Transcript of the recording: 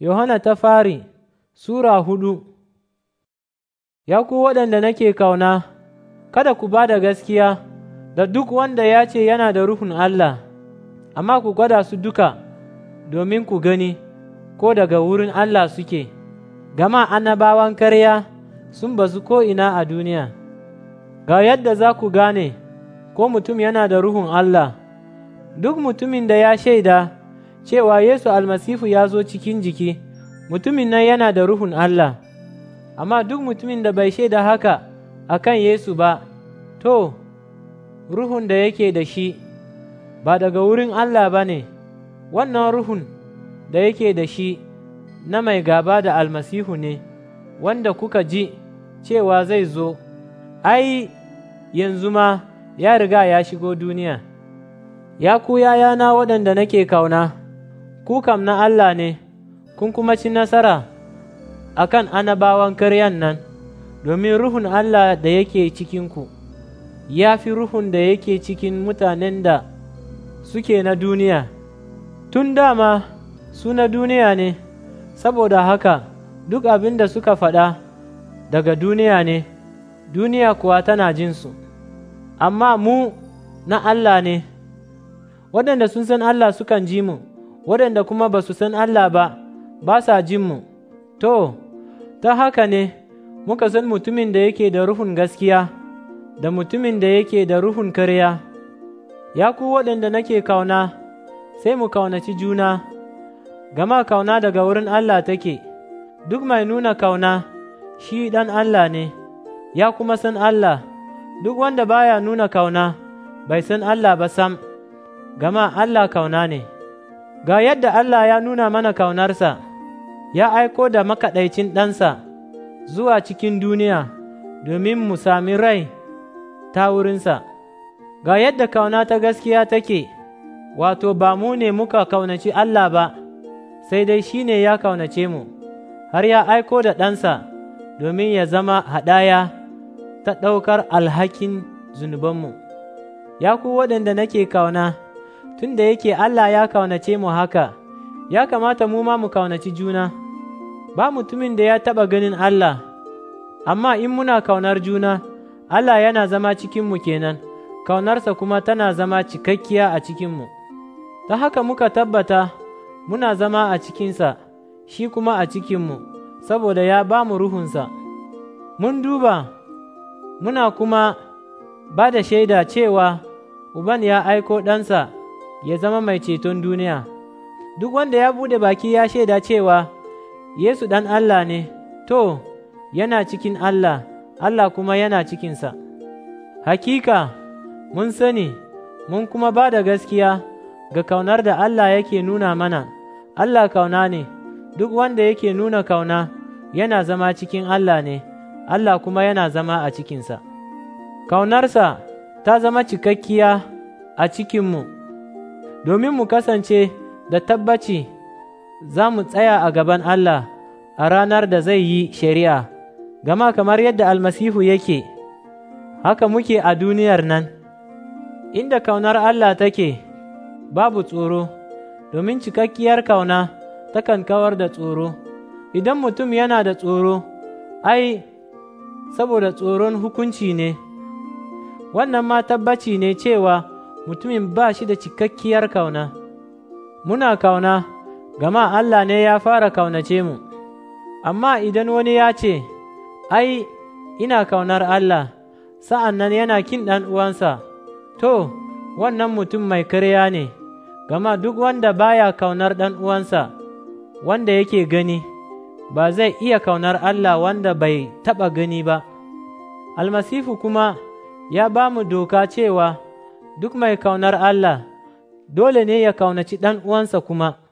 Yohana ta fari Sura hudu Ya ku waɗanda nake kauna, kada ku ba da gaskiya da duk wanda ya ce yana da Ruhun Allah, amma ku gwada su duka domin ku gani ko daga wurin Allah suke, gama annabawan karya sun bazu ko'ina a duniya. Ga yadda za ku gane ko mutum yana da Ruhun Allah, duk mutumin da ya shaida cewa Yesu almasifu ya zo cikin jiki, mutumin nan yana da ruhun Allah, amma duk mutumin da bai shaida haka a kan Yesu ba, to, ruhun da yake da shi ba daga wurin Allah ba ne, wannan ruhun da yake da shi na mai gaba da almasihu ne, wanda kuka ji cewa zai zo, ai, yanzu ma ya riga ya shigo duniya. Ya ku yayana waɗanda nake kauna. ku kam na Allah ne, kun kuma ci nasara a kan anabawan karyan nan, domin ruhun Allah da yake cikinku, ya fi ruhun da yake cikin mutanen da suke na duniya, tun dama su na duniya ne, saboda haka duk abin da suka faɗa daga duniya ne, duniya kuwa tana jin su. amma mu na Allah ne, waɗanda sun san Allah sukan ji mu. waɗanda kuma ba su san Allah ba, ba sa jinmu, to, ta haka ne muka san mutumin da yake da ruhun gaskiya, da mutumin da yake da ruhun karya. Ya ku waɗanda nake kauna, sai mu kaunaci juna, gama kauna daga wurin Allah take, duk mai nuna kauna, shi ɗan Allah ne, ya kuma san Allah, duk wanda baya nuna kauna, bai san Allah ba sam, gama Allah kauna ne. Ga yadda Allah ya nuna mana kaunarsa, ya aiko da makaɗaicin ɗansa zuwa cikin duniya domin mu sami rai ta wurinsa. Ga yadda kauna ta gaskiya take, wato ba mu ne muka kaunaci Allah ba, sai dai shi ne ya kaunace mu, har ya aiko da ɗansa domin ya zama haɗaya ta ɗaukar alhakin zunubanmu. Ya ku waɗanda nake kauna. tun da yake Allah ya kaunace mu haka, ya kamata mu ma mu kaunaci juna, ba mutumin da ya taɓa ganin Allah, amma in muna kaunar juna, Allah yana zama cikinmu kenan, kaunarsa kuma tana zama cikakkiya a cikinmu, ta haka muka tabbata muna zama a cikinsa, shi kuma a cikinmu, saboda ya ba mu ruhunsa. Mun duba, muna kuma ba da shaida cewa Uban ya aiko ɗansa. ya zama mai ceton duniya. Duk wanda ya bude baki ya shaida cewa Yesu ɗan Allah ne, to, yana cikin Allah, Allah kuma yana cikinsa. Hakika, mun sani, mun kuma ba da gaskiya ga kaunar da Allah yake nuna mana, Allah kauna ne, duk wanda yake nuna kauna yana zama cikin Allah ne, Allah kuma yana zama a cikinsa. Kaunarsa ta zama cikakkiya a cikinmu. domin mu kasance da tabbaci za mu tsaya a gaban Allah a ranar da zai yi shari'a, gama kamar yadda almasihu yake, haka muke a duniyar nan, inda kaunar Allah take babu tsoro, domin cikakkiyar kauna takan kawar da tsoro. Idan mutum yana da tsoro, ai, saboda tsoron hukunci ne, wannan ma tabbaci ne cewa mutumin ba shi da cikakkiyar kauna, muna kauna, gama Allah ne ya fara kaunace mu, amma idan wani ya ce, Ai, ina kaunar Allah, sa'an nan yana kin ɗan uwansa, to, wannan mutum mai karya ne, gama duk wanda baya kaunar ɗan uwansa, wanda yake gani, ba zai iya kaunar Allah wanda bai taɓa gani ba. Almasifu kuma ya ba mu doka cewa, duk mai kaunar Allah dole ne ya kaunaci ɗan uwansa kuma.